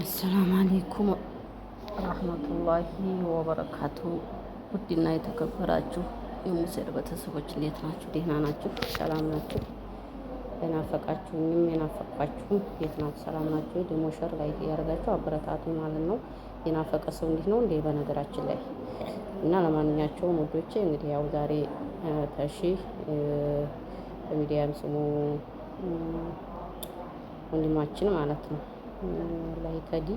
አሰላሙ አሌይኩም ረህመቱላሂ ወበረካቱ። ውድና የተከበራችሁ የሙሴድ ቤተሰቦች እንዴት ናችሁ? ደህና ናችሁ? ሰላም ናችሁ? የናፈቃችሁኝም የናፈቋችሁም እንዴት ናችሁ? ሰላም ናችሁ? ደግሞ ሸር ላይ ያደርጋችሁ አበረታቱ ማለት ነው። የናፈቀ ሰው እንዲህ ነው እንዴ? በነገራችን ላይ እና ለማንኛቸውም ውዶቼ እንግዲህ ያው ዛሬ ተሺ በሚዲያም ስሙ ወንድማችን ማለት ነው ላይ ተዲ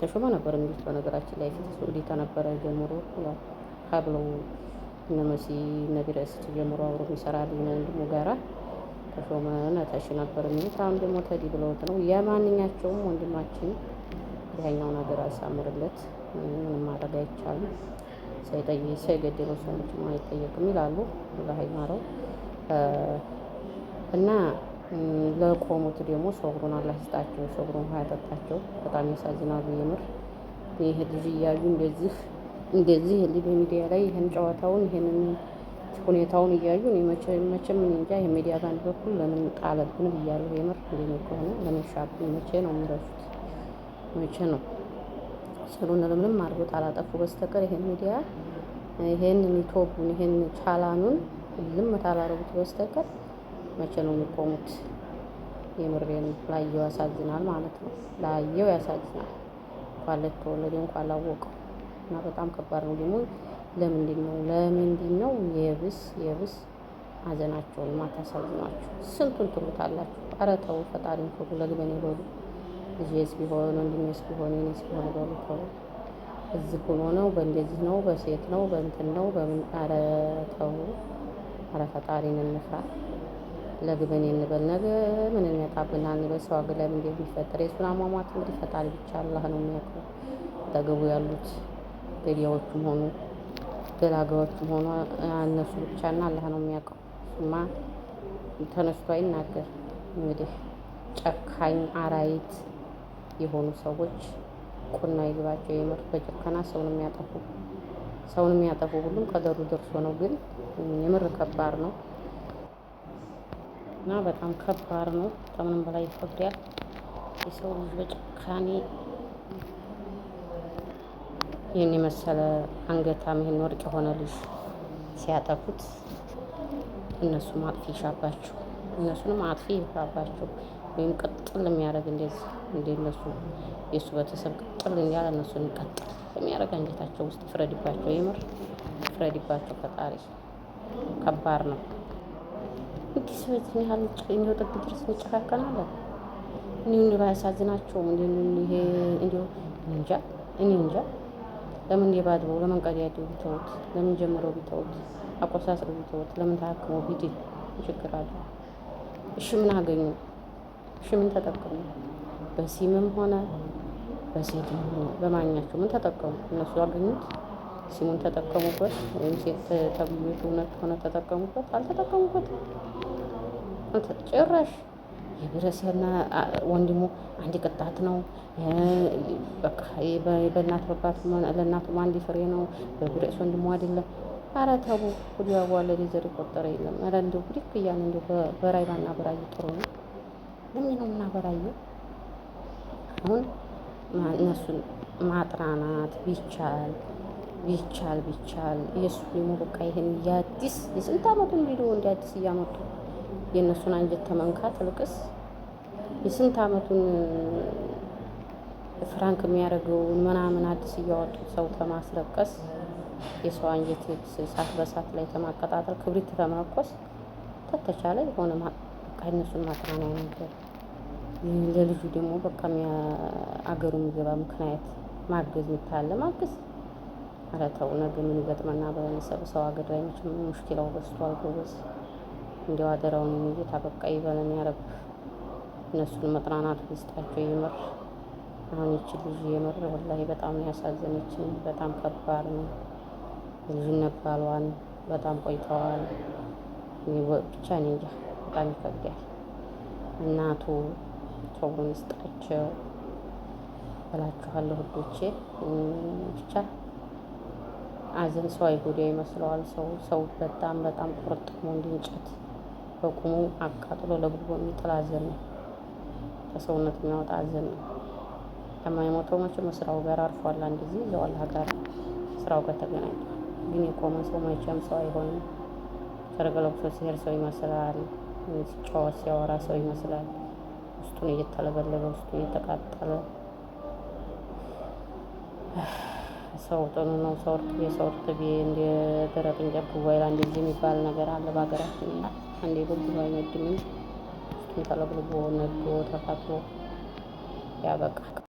ተሾመ ነበር የሚሉት በነገራችን ላይ ፊት ሱዲ ተነበረ ጀምሮ ካብለው እነመሲ ነቢረስ ጀምሮ አብሮ ይሰራል ወንድሙ ጋራ ተሾመ ነታሽ ነበር የሚሉት አሁን ደግሞ ተዲ ብለውት ነው። የማንኛቸውም ወንድማችን ያኛው ነገር አሳምርለት፣ ምንም ማድረግ አይቻልም። ሳይጠይቅ ሳይገደለው ሰዎች አይጠየቅም ይላሉ ዛሀይማረው እና ለቆሙት ደግሞ ሶብሩን አላህ ይስጣቸው፣ ሶብሩን ውሃ ያጠጣቸው። በጣም ያሳዝናሉ። የምር ይህ ልጅ እያዩ እንደዚህ እንደዚህ ልጅ በሚዲያ ላይ ይህን ጨዋታውን ይህንን ሁኔታውን እያዩ መቼም እንጃ የሚዲያ ባንድ በኩል ለምን ጣለብን ብያለሁ። የምር እንደሚ ከሆነ ለምን መቼ ነው የሚረሱት? መቼ ነው ስሉን ለምንም አድርጎ ጣላጠፉ በስተቀር ይህን ሚዲያ ይህን ቶቡን ይህን ቻላኑን ልም ታላረጉት በስተቀር መቼ ነው የሚቆሙት? የምሬን ላየው ያሳዝናል ማለት ነው። ላየው ያሳዝናል። እንኳን ለተወለደ እንኳን ላወቀው እና በጣም ከባድ ነው። ደግሞ ለምንድን ነው ለምንድን ነው የብስ የብስ ሀዘናቸውን ማታሳዝናቸው? ስንቱን ትሉታላችሁ። ኧረ ተው ፈጣሪን ፍሩ። ለግበን በሉ ልጄስ ቢሆን ወንድሜስ ቢሆን የኔስ ቢሆን በሉ ተው። እዚህ ሆኖ ነው በእንደዚህ ነው በሴት ነው በእንትን ነው በምን ኧረ ተው። ኧረ ፈጣሪን እንፍራ። ለግበን እንበል ነገ ምን ይመጣብናል እንበል ሰው አግለን እንዴት ቢፈጠር የሱን አሟሟት እንግዲህ ፈጣሪ ብቻ አላህ ነው የሚያውቀው። አጠገቡ ያሉት ገዳዮቹም ሆኑ ገላጋዮቹም ሆኑ እነሱ ብቻና አላህ ነው የሚያውቀው። እሱማ ተነስቶ አይናገር። እንግዲህ ጨካኝ አራይት የሆኑ ሰዎች ቁና ይግባቸው። የምር በጭከና ሰውን የሚያጠፉ ሰውን የሚያጠፉ ሁሉም ቀደሩ ደርሶ ነው። ግን የምር ከባድ ነው። እና በጣም ከባድ ነው። ከምንም በላይ ይፈርዳል። የሰው ልጅ በጭካኔ ይህን የመሰለ አንገታም ይህን ወርቅ የሆነ ልጅ ሲያጠፉት እነሱም አጥፊ ይሻባቸው፣ እነሱንም አጥፊ ይሻባቸው ወይም ቅጥል የሚያደርግ እንደዚህ እንደ እነሱ የእሱ ቤተሰብ ቅጥል እንዲያለ እነሱን ቀጥል የሚያደርግ አንጀታቸው ውስጥ ፍረድባቸው፣ የምር ፍረድባቸው ፈጣሪ። ከባድ ነው። እኪስ ቤት ያህል እንዲሁ ጥግ ድረስ እንጨካከናለን። እኔ እንዲሁ ባያሳዝናቸው እንዲሁ ይሄ እንዲሁ እንጃ እኔ እንጃ። ለምን የባድበው ለምን ቀዲያዱ ቢተውት ለምን ጀምረው ቢተውት አቆሳስር ቢተውት ለምን ተሀክሞ ቢድል ችግር አለ? እሺ ምን አገኙ? እሺ ምን ተጠቀሙ? በሲምም ሆነ በሴት ሆነ በማንኛቸው ምን ተጠቀሙ? እነሱ አገኙት? ሲሙን ተጠቀሙበት ወይም ሴት ተብዬቱ እውነት ሆነ ተጠቀሙበት? አልተጠቀሙበትም። ጭራሽ የብረሴና ወንድሙ አንድ ቅጣት ነው። በእናት በባት ለእናቱም አንድ ፍሬ ነው። በጉሬስ ወንድሙ አይደለም። ኧረ ተው ሁሉ ያዋለድ ዘር የቆጠረ የለም። ኧረ እንደው ብድክ እያለ እንደው በራይ ባና በራዩ ጥሩ ነው። ለምን ነው እና በራዩ አሁን እነሱን ማጥራናት ቢቻል ቢቻል ቢቻል የእሱ ደግሞ በቃ ይሄን የአዲስ የስንት ዓመቱን ቪዲዮ እንደ አዲስ እያመጡ የእነሱን አንጀት ተመንካት ልቅስ የስንት አመቱን ፍራንክ የሚያደርገውን ምናምን አዲስ እያወጡት ሰው ተማስረቀስ የሰው አንጀት እሳት በእሳት ላይ ተማቀጣጠል ክብሪት ተመኮስ ተተቻለ የሆነ ከእነሱን ማጥናናው ነገር ለልጁ ደግሞ በቃ አገሩ የሚገባ ምክንያት ማገዝ ይታለ ማገዝ ኧረ ተው ነገ ምን ይገጥመና በሰው ሀገር ላይ መቼም ሙሽኪላው በስቷል ጎበዝ እንዲያው አደራውን ውይይት አበቃ ይበለን ያረብ። እነሱን መጥናናት ይስጣቸው። የምር አሁን ይች ልጅ የምር ወላሂ በጣም ያሳዘነችን፣ በጣም ከባድ ነው። ልጅነት ባሏን በጣም ቆይተዋል። ብቻ እኔ እንጃ በጣም ይከብዳል። እናቱ ሰውን ይስጣቸው እላችኋለሁ ውዶቼ። ብቻ አዘን ሰው አይጎዳ ይመስለዋል። ሰው ሰው በጣም በጣም ቁርጥሞ እንደ በቁሙ አቃጥሎ ለጉቦ የሚጥል አዘን ነው። ከሰውነት የሚያወጣ አዘን ነው። የማይሞተው መቼም ስራው ጋር አርፏል። አንድ ጊዜ እዛው አላህ ጋር ስራው ጋር ተገናኝቷል። ግን የቆመ ሰው መቼም ሰው አይሆንም። ጨርቅ ለብሶ ሲሄድ ሰው ይመስላል። ሲጫወት ሲያወራ ሰው ይመስላል። ውስጡን እየተለበለበ ውስጡን እየተቃጠለ ሰው ጥኑ ነው። ሰው እርጥቤ ሰው እርጥቤ እንደ ደረቅ እንጨት ጉባኤላ እንደዚህ የሚባል ነገር አለ በሀገራችን። እና አንዴ ጉብሎ አይነድም ተለብልቦ ነዶ ተፈቶ ያበቃል።